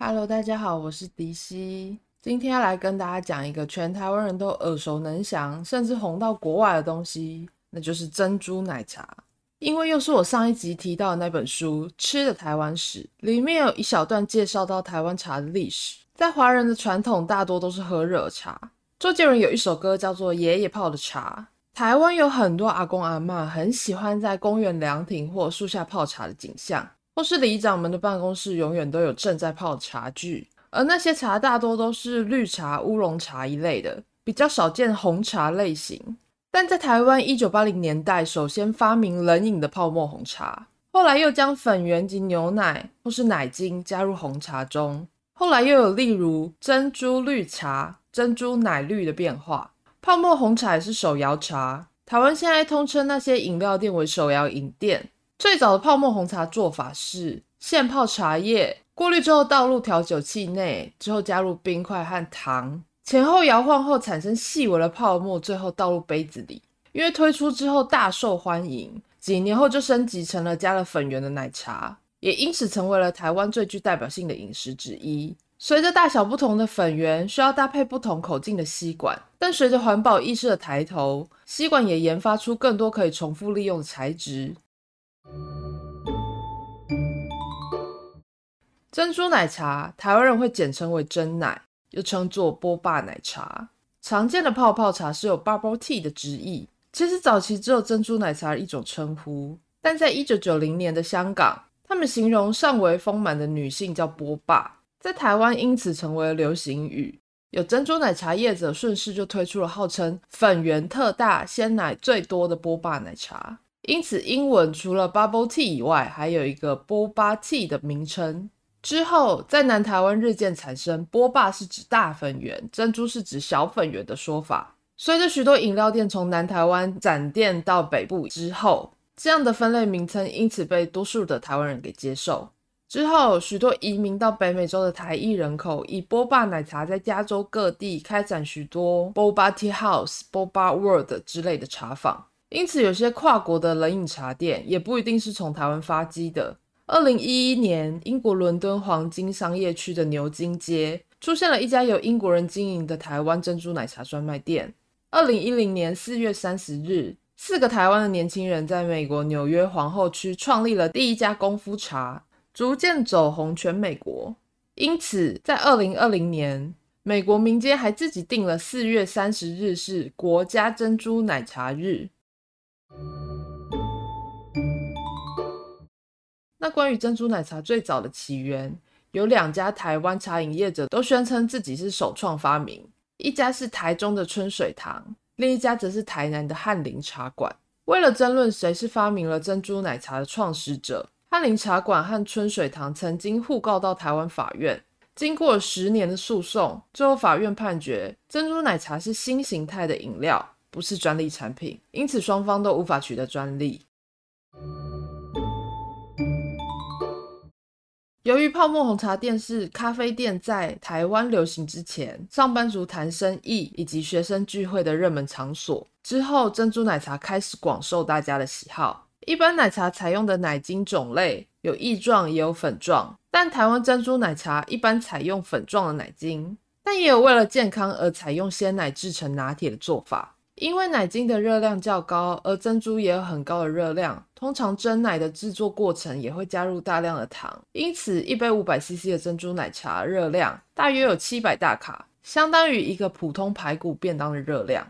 Hello，大家好，我是迪熙。今天要來跟大家講一個全台灣人都耳熟能詳，甚至紅到國外的東西，那就是珍珠奶茶。因為又是我上一集提到的那本書《吃的台灣史》，裡面有一小段介紹到台灣茶的歷史。在華人的傳統，大多都是喝熱茶。周杰倫有一首歌叫做《爺爺泡的茶》，台灣有很多阿公阿嬤很喜歡在公園涼亭或樹下泡茶的景象。或是里長們的辦公室永遠都有正在泡的茶具，而那些茶大多都是綠茶、烏龍茶一類的，比較少見紅茶類型。但在台灣一九八零年代，首先發明冷飲的泡沫紅茶，後來又將粉圓及牛奶或是奶精加入紅茶中，後來又有例如珍珠綠茶、珍珠奶綠的變化。泡沫紅茶也是手搖茶，台灣現在通稱那些飲料店為手搖飲店。最早的泡沫紅茶做法是現泡茶葉，過濾之後倒入調酒器內，之後加入冰塊和糖，前後搖晃後產生細微的泡沫，最後倒入杯子裡。因為推出之後大受歡迎，幾年後就升級成了加了粉圓的奶茶，也因此成為了台灣最具代表性的飲食之一。隨着大小不同的粉圓需要搭配不同口徑的吸管，但隨着環保意識的抬頭，吸管也研發出更多可以重複利用的材質。珍珠奶茶，台灣人會簡稱為“珍奶”，又稱作“波霸奶茶”。常見的泡泡茶是有 “bubble tea” 的直譯。其實早期只有珍珠奶茶一種稱呼，但在一九九零年的香港，他們形容上圍豐滿的女性叫“波霸”，在台灣因此成為流行語。有珍珠奶茶業者順勢就推出了號稱“粉圓特大、鮮奶最多的波霸奶茶”。因此，英文除了 Bubble Tea 以外，還有一個波霸 Tea 的名稱。之後，在南台灣日漸產生波霸是指大粉圓、珍珠是指小粉圓的說法。隨着許多飲料店從南台灣展店到北部之後，這樣的分類名稱因此被多數的台灣人給接受。之後，許多移民到北美洲的台裔人口，以波霸奶茶在加州各地開展許多波霸 Tea House、波霸 World 之類的茶坊。因此，有些跨國的冷飲茶店也不一定是從台灣發跡的。二零一一年，英國倫敦黃金商業區的牛津街出現了一家由英國人經營的台灣珍珠奶茶專賣店。二零一零年四月三十日，四個台灣的年輕人在美國紐約皇後區創立了第一家功夫茶，逐漸走紅全美國。因此，在二零二零年，美國民間還自己訂了四月三十日是國家珍珠奶茶日。那關於珍珠奶茶最早的起源，有兩家台灣茶營業者都宣稱自己是首創發明，一家是台中的春水堂，另一家則是台南的翰林茶館。為了爭論誰是發明了珍珠奶茶的創始者，翰林茶館和春水堂曾經互告到台灣法院。經過十年的訴訟，最後法院判決珍珠奶茶是新形態的飲料，不是專利產品，因此雙方都無法取得專利。由於泡沫紅茶店是咖啡店在台灣流行之前，上班族談生意以及學生聚會的熱門場所。之後，珍珠奶茶開始廣受大家的喜好。一般奶茶採用的奶精種類有液狀也有粉狀，但台灣珍珠奶茶一般採用粉狀的奶精，但也有為了健康而採用鮮奶製成拿鐵的做法。因為奶精的熱量較高，而珍珠也有很高的熱量。通常珍奶的制作過程也會加入大量的糖，因此一杯五百 CC 的珍珠奶茶熱量大約有七百大卡，相當於一個普通排骨便當的熱量。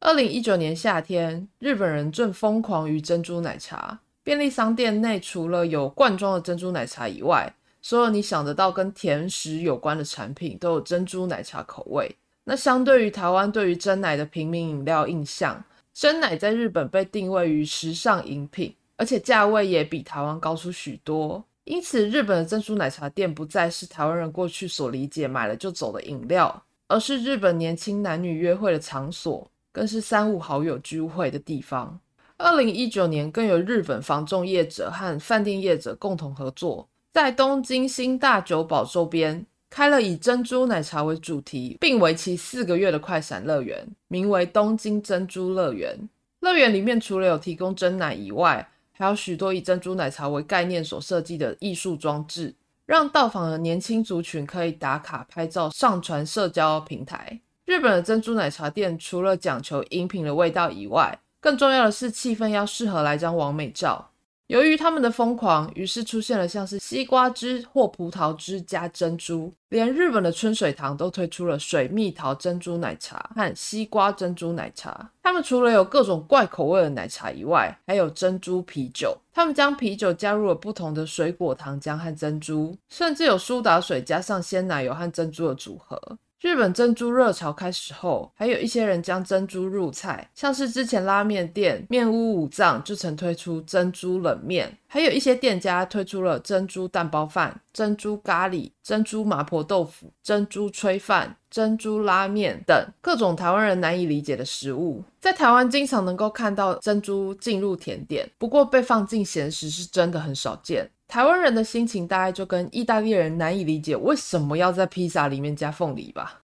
二零一九年夏天，日本人正瘋狂於珍珠奶茶，便利商店內除了有罐裝的珍珠奶茶以外，所有你想得到跟甜食有關的產品，都有珍珠奶茶口味。那相對於台灣對於珍奶的平民飲料印象，珍奶在日本被定位於時尚飲品，而且價位也比台灣高出許多。因此，日本的珍珠奶茶店不再是台灣人過去所理解買了就走的飲料，而是日本年輕男女約會的場所，更是三五好友聚會的地方。二零一九年，更有日本房仲業者和飯店業者共同合作。在東京新大久保周邊開了以珍珠奶茶為主題，並為期四個月的快閃樂園，名為“東京珍珠樂園”。樂園裡面除了有提供珍奶以外，還有許多以珍珠奶茶為概念所設計的藝術裝置，讓到訪的年輕族群可以打卡拍照、上傳社交平台。日本的珍珠奶茶店除了講求飲品的味道以外，更重要的是氣氛要適合來張完美照。由於他們的瘋狂，於是出現了像是西瓜汁或葡萄汁加珍珠，連日本的春水堂都推出了水蜜桃珍珠奶茶和西瓜珍珠奶茶。他們除了有各種怪口味的奶茶以外，還有珍珠啤酒。他們將啤酒加入了不同的水果糖漿和珍珠，甚至有蘇打水加上鮮奶油和珍珠的組合。日本珍珠熱潮開始後，還有一些人將珍珠入菜，像是之前拉麵店面屋武藏就曾推出珍珠冷麵，還有一些店家推出了珍珠蛋包飯、珍珠咖喱、珍珠麻婆豆腐、珍珠炊飯、珍珠拉麵等各種台灣人難以理解的食物。在台灣經常能夠看到珍珠進入甜點，不過被放進鹹食是真的很少見。台灣人的心情大概就跟意大利人難以理解為什麼要在披薩裡面加鳳梨吧。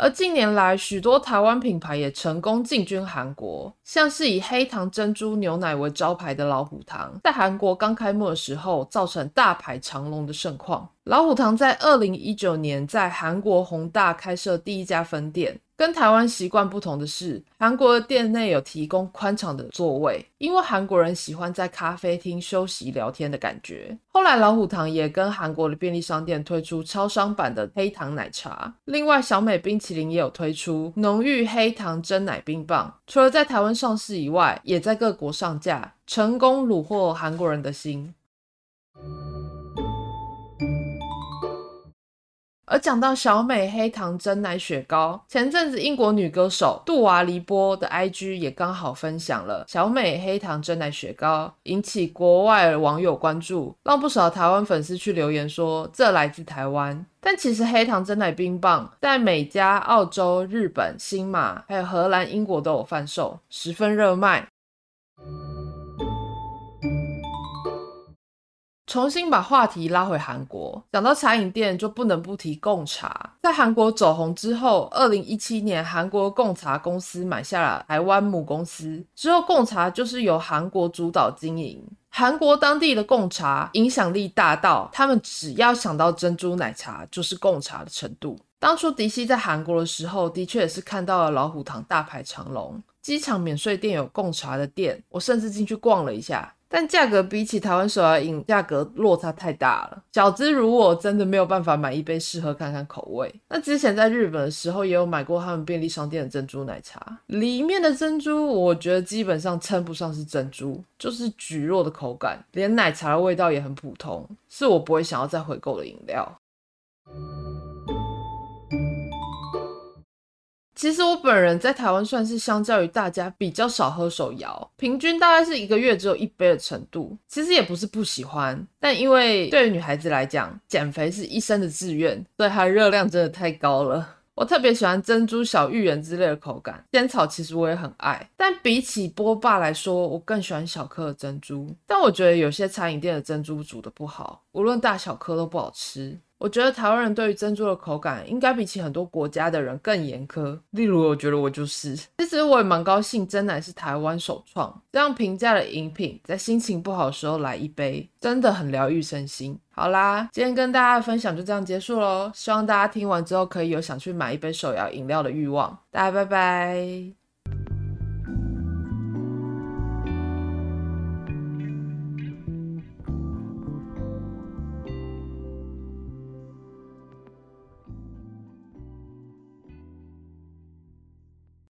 而近年來，許多台灣品牌也成功進軍韓國，像是以黑糖珍珠牛奶為招牌的老虎糖，在韓國剛開幕的時候，造成大排長龍的盛況。老虎堂在二零一九年在韓國弘大開設第一家分店。跟台灣習慣不同的是，韓國的店內有提供寬敞的座位，因為韓國人喜歡在咖啡廳休息聊天的感覺。後來，老虎堂也跟韓國的便利商店推出超商版的黑糖奶茶。另外，小美冰淇淋也有推出濃郁黑糖珍奶冰棒。除了在台灣上市以外，也在各國上架，成功虜獲韓國人的心。而講到小美黑糖珍奶雪糕，前陣子英國女歌手杜娃黎波的 IG 也剛好分享了小美黑糖珍奶雪糕，引起國外網友關注，讓不少台灣粉絲去留言說這來自台灣。但其實黑糖珍奶冰棒在美加、澳洲、日本、新馬還有荷蘭、英國都有販售，十分熱賣。重新把話題拉回韓國，講到茶飲店就不能不提貢茶。在韓國走紅之後，二零一七年韓國貢茶公司買下了台灣母公司之後，貢茶就是由韓國主導經營。韓國當地的貢茶影響力大到，他們只要想到珍珠奶茶就是貢茶的程度。當初迪熙在韓國的時候，的確也是看到了老虎堂大排長龍，機場免稅店有貢茶的店，我甚至進去逛了一下。但價格比起台灣手搖飲，價格落差太大了。餃子如果真的沒有辦法買一杯試喝看看口味。那之前在日本的時候，也有買過他們便利商店的珍珠奶茶，裡面的珍珠我覺得基本上稱不上是珍珠，就是蒟蒻的口感，連奶茶的味道也很普通，是我不會想要再回購的飲料。其實我本人在台灣算是相較於大家比較少喝手搖，平均大概是一個月只有一杯的程度。其實也不是不喜歡，但因為對於女孩子來講，減肥是一生的志願，所以它的熱量真的太高了。我特別喜歡珍珠小芋圓之類的口感，仙草其實我也很愛，但比起波霸來說，我更喜歡小顆的珍珠。但我覺得有些餐飲店的珍珠煮得不好，無論大小顆都不好吃。我覺得台灣人對於珍珠的口感，應該比起很多國家的人更嚴苛。例如，我覺得我就是。其實我也蠻高興，珍奶是台灣首創這樣平價的飲品，在心情不好的時候來一杯，真的很療癒身心。好啦，今天跟大家分享就這樣結束嘍。希望大家聽完之後可以有想去買一杯手搖飲料的欲望。大家拜拜。